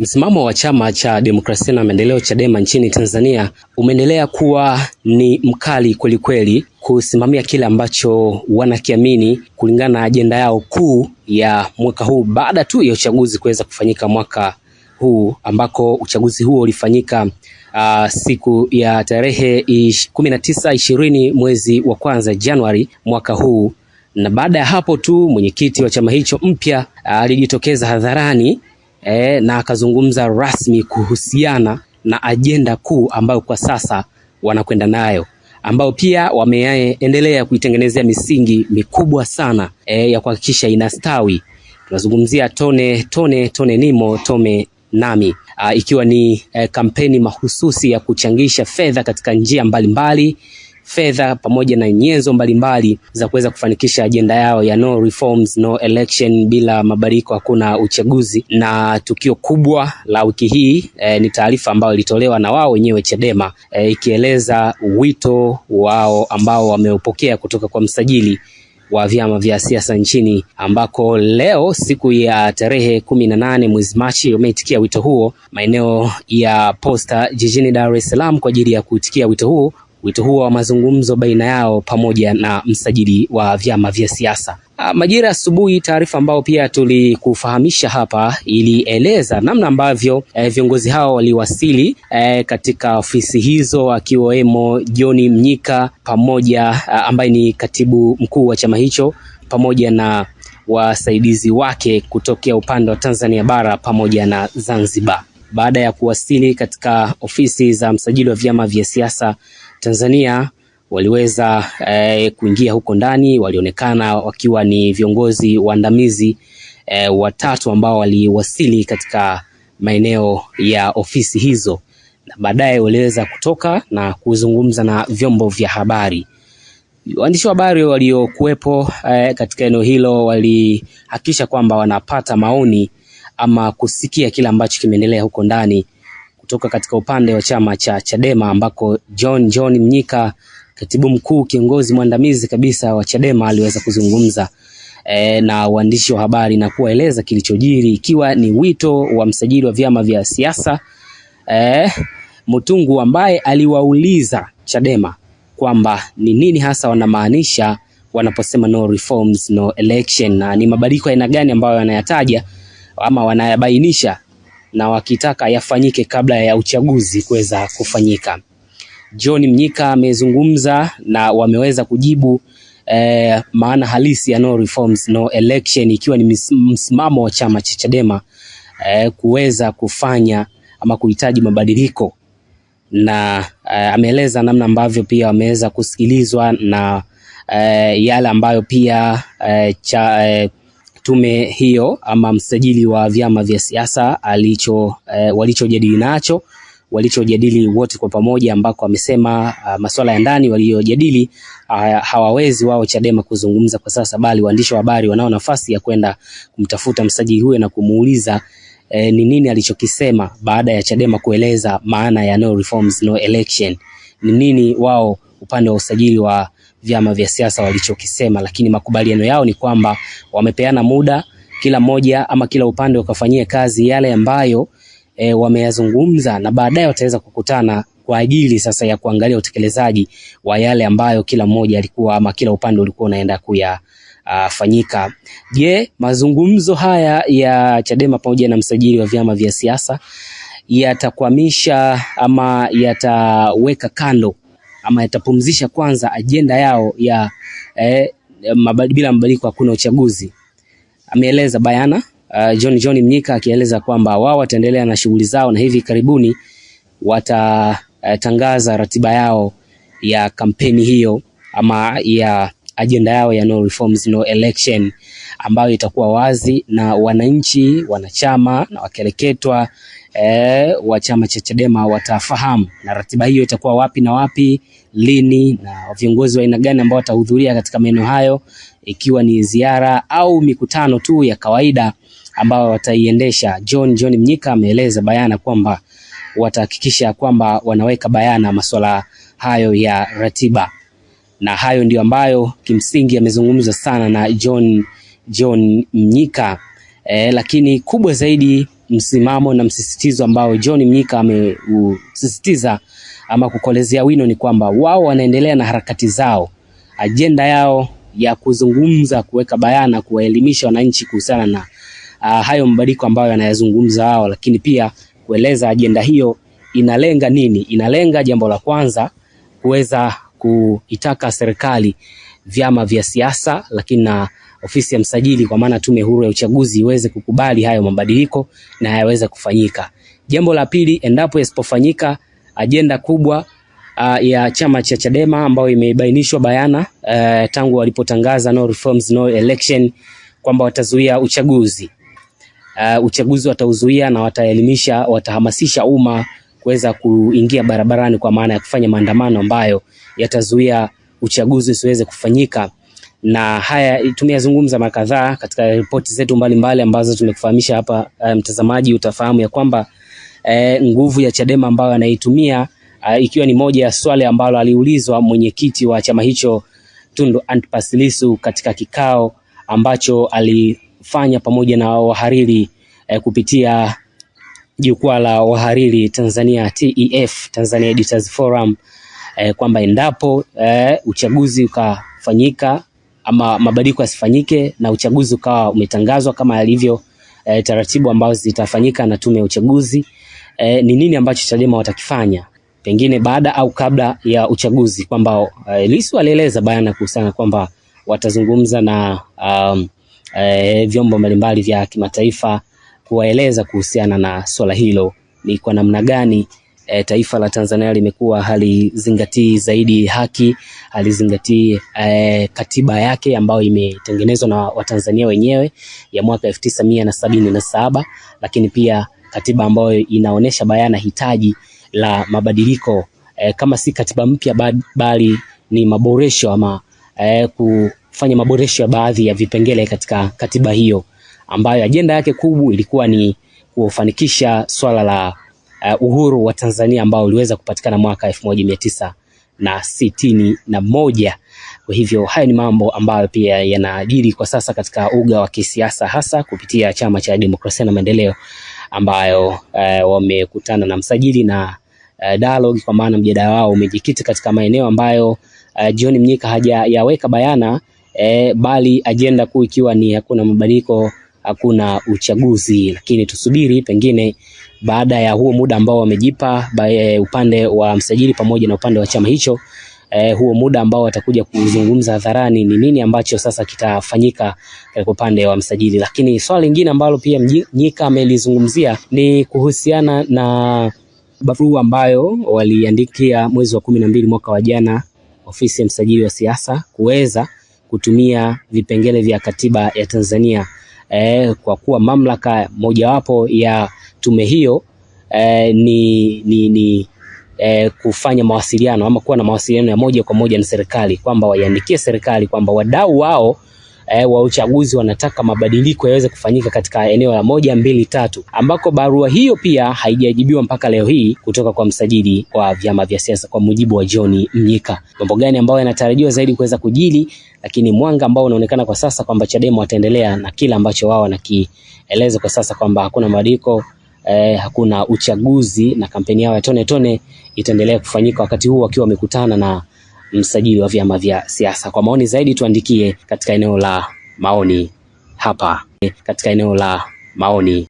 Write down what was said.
Msimamo wa Chama cha Demokrasia na Maendeleo Chadema nchini Tanzania umeendelea kuwa ni mkali kwelikweli kusimamia kile ambacho wanakiamini kulingana na ajenda yao kuu ya mwaka huu baada tu ya uchaguzi kuweza kufanyika mwaka huu ambako uchaguzi huo ulifanyika uh, siku ya tarehe kumi na tisa ishirini mwezi wa kwanza Januari mwaka huu, na baada ya hapo tu mwenyekiti wa chama hicho mpya ah, alijitokeza uh, hadharani e, na akazungumza rasmi kuhusiana na ajenda kuu ambayo kwa sasa wanakwenda nayo ambao pia wameendelea kuitengenezea misingi mikubwa sana e, ya kuhakikisha inastawi. Tunazungumzia tone tone tone nimo tome nami a, ah, ikiwa ni e, kampeni mahususi ya kuchangisha fedha katika njia mbalimbali mbali, fedha pamoja na nyenzo mbalimbali za kuweza kufanikisha ajenda yao ya no reforms, no election, bila mabadiliko hakuna uchaguzi. Na tukio kubwa la wiki hii e, ni taarifa ambayo ilitolewa na wao wenyewe Chadema e, ikieleza wito wao ambao wameupokea kutoka kwa msajili wa vyama vya siasa nchini ambako leo siku ya tarehe kumi na nane mwezi Machi wameitikia wito huo maeneo ya Posta jijini Dar es Salaam kwa ajili ya kuitikia wito huo wito huo wa mazungumzo baina yao pamoja na msajili wa vyama vya siasa. Ah, majira asubuhi, taarifa ambayo pia tulikufahamisha hapa ilieleza namna ambavyo eh, viongozi hao waliwasili eh, katika ofisi hizo akiwemo John Mnyika pamoja ah, ambaye ni katibu mkuu wa chama hicho pamoja na wasaidizi wake kutokea upande wa Tanzania bara pamoja na Zanzibar. Baada ya kuwasili katika ofisi za msajili wa vyama vya siasa Tanzania waliweza eh, kuingia huko ndani, walionekana wakiwa ni viongozi waandamizi eh, watatu ambao waliwasili katika maeneo ya ofisi hizo, na baadaye waliweza kutoka na kuzungumza na vyombo vya habari. Waandishi wa habari waliokuwepo eh, katika eneo hilo walihakikisha kwamba wanapata maoni ama kusikia kile ambacho kimeendelea huko ndani kutoka katika upande wa chama cha Chadema ambako John John Mnyika katibu mkuu kiongozi mwandamizi kabisa wa Chadema aliweza kuzungumza e, na waandishi wa habari na kuwaeleza kilichojiri ikiwa ni wito wa msajili wa vyama vya siasa e, Mutungu ambaye aliwauliza Chadema kwamba ni nini hasa wanamaanisha wanaposema no reforms, no election na ni mabadiliko aina gani ambayo wanayataja ama wanayabainisha na wakitaka yafanyike kabla ya uchaguzi kuweza kufanyika. John Mnyika amezungumza na wameweza kujibu eh, maana halisi ya no reforms no election, ikiwa ni msimamo wa chama cha Chadema eh, kuweza kufanya ama kuhitaji mabadiliko na eh, ameeleza namna ambavyo pia wameweza kusikilizwa na eh, yale ambayo pia eh, cha eh, tume hiyo ama msajili wa vyama vya siasa alicho eh, walichojadili nacho walichojadili wote kwa pamoja, ambako amesema ah, masuala ya ndani waliyojadili ah, hawawezi wao Chadema kuzungumza kwa sasa, bali waandishi wa habari wanao nafasi ya kwenda kumtafuta msajili huyo na kumuuliza eh, ni nini alichokisema baada ya Chadema kueleza maana ya no reforms no election. Ni nini wao upande wa usajili wa vyama vya siasa walichokisema, lakini makubaliano yao ni kwamba wamepeana muda kila moja ama kila upande ukafanyia kazi yale ambayo e, wameyazungumza na baadaye wataweza kukutana kwa ajili sasa ya kuangalia utekelezaji wa yale ambayo kila mmoja alikuwa ama kila upande ulikuwa unaenda kuya Uh, fanyika. Je, mazungumzo haya ya Chadema pamoja na msajili wa vyama vya siasa yatakwamisha ama yataweka kando ama yatapumzisha kwanza ajenda yao ya eh, mabadi, bila mabadiliko hakuna uchaguzi. Ameeleza bayana uh, John John Mnyika akieleza kwamba wao wataendelea na shughuli zao na hivi karibuni watatangaza eh, uh, ratiba yao ya kampeni hiyo ama ya ajenda yao ya no reforms no election ambayo itakuwa wazi na wananchi, wanachama na wakeleketwa e, eh, wa chama cha Chadema watafahamu, na ratiba hiyo itakuwa wapi na wapi, lini, na viongozi wa aina gani ambao watahudhuria katika maeneo hayo, ikiwa ni ziara au mikutano tu ya kawaida ambao wataiendesha. John John Mnyika ameeleza bayana kwamba watahakikisha kwamba wanaweka bayana masuala hayo ya ratiba na hayo ndiyo ambayo kimsingi yamezungumzwa sana na John John Mnyika e, lakini kubwa zaidi msimamo na msisitizo ambao John Mnyika ameusisitiza ama kukolezea wino ni kwamba wao wanaendelea na harakati zao, ajenda yao ya kuzungumza, kuweka bayana, kuwaelimisha wananchi kuhusiana na uh, hayo mabadiliko ambayo yanayazungumza wao, lakini pia kueleza ajenda hiyo inalenga nini. Inalenga jambo la kwanza kuweza kuitaka serikali, vyama vya siasa, lakini na ofisi ya msajili kwa maana tume huru ya uchaguzi iweze kukubali hayo mabadiliko na yaweze kufanyika. Jambo la pili, endapo yasipofanyika, ajenda kubwa uh, ya chama cha Chadema ambayo imebainishwa bayana uh, tangu walipotangaza no reforms no election kwamba watazuia uchaguzi uh, uchaguzi watauzuia na wataelimisha, watahamasisha umma kuweza kuingia barabarani kwa maana ya kufanya maandamano ambayo yatazuia uchaguzi usiweze kufanyika na haya tumeyazungumza mara kadhaa katika ripoti zetu mbalimbali ambazo tumekufahamisha hapa. Eh, mtazamaji, um, utafahamu ya kwamba e, nguvu ya Chadema ambayo anaitumia uh, ikiwa ni moja ya swali ambalo aliulizwa mwenyekiti wa chama hicho Tundu Antipas Lissu katika kikao ambacho alifanya pamoja na wahariri eh, kupitia jukwaa la wahariri Tanzania TEF, Tanzania Editors Forum eh, kwamba endapo eh, uchaguzi ukafanyika ama mabadiliko yasifanyike na uchaguzi ukawa umetangazwa kama yalivyo eh, taratibu ambazo zitafanyika na tume ya uchaguzi eh, ni nini ambacho Chadema watakifanya pengine baada au kabla ya uchaguzi, kwamba eh, Lissu alieleza bayana kuhusiana kwamba watazungumza na um, eh, vyombo mbalimbali vya kimataifa kuwaeleza kuhusiana na swala hilo ni kwa namna gani e, taifa la Tanzania limekuwa halizingatii zaidi haki, halizingatii e, katiba yake ambayo imetengenezwa na Watanzania wenyewe ya mwaka 1977 lakini pia katiba ambayo inaonyesha bayana hitaji la mabadiliko e, kama si katiba mpya bali ni maboresho ama e, kufanya maboresho ya baadhi ya vipengele katika katiba hiyo ambayo ajenda yake kubwa ilikuwa ni kufanikisha swala la uh, uhuru wa Tanzania ambao uliweza kupatikana mwaka elfu moja mia tisa na sitini na moja. Kwa hivyo haya ni mambo ambayo pia yanajiri kwa sasa katika uga wa kisiasa hasa kupitia chama cha demokrasia na maendeleo ambayo uh, wamekutana na msajili na uh, dialogue, kwa maana mjadala wao umejikita katika maeneo ambayo uh, John Mnyika hajayaweka bayana eh, bali ajenda kuu ikiwa ni hakuna mabadiliko, hakuna uchaguzi. Lakini tusubiri pengine baada ya huo muda ambao wamejipa eh, upande wa msajili pamoja na upande wa chama hicho. Eh, huo muda ambao watakuja kuzungumza hadharani ni nini ambacho sasa kitafanyika eh, kwa upande wa msajili. Lakini swali lingine ambalo pia Mnyika amelizungumzia ni kuhusiana na barua ambayo waliandikia mwezi wa kumi na mbili mwaka wa jana ofisi ya msajili wa siasa kuweza kutumia vipengele vya katiba ya Tanzania eh, kwa kuwa mamlaka mojawapo ya tume hiyo eh, ni, ni, ni eh, kufanya mawasiliano ama kuwa na mawasiliano ya moja kwa moja na serikali kwamba waiandikie serikali kwamba wadau wao eh, wa uchaguzi wanataka mabadiliko yaweze kufanyika katika eneo la moja mbili tatu, ambako barua hiyo pia haijajibiwa mpaka leo hii kutoka kwa msajili wa vyama vya siasa, kwa mujibu wa John Mnyika. Mambo gani ambayo yanatarajiwa zaidi kuweza kujili? Lakini mwanga ambao unaonekana kwa sasa kwamba Chadema wataendelea na kile ambacho wao wanakieleza kwa sasa kwamba hakuna mabadiliko eh, hakuna uchaguzi na kampeni yao ya tone tone itaendelea kufanyika wakati huu wakiwa wamekutana na msajili wa vyama vya siasa. Kwa maoni zaidi tuandikie katika eneo la maoni hapa, eh, katika eneo la maoni.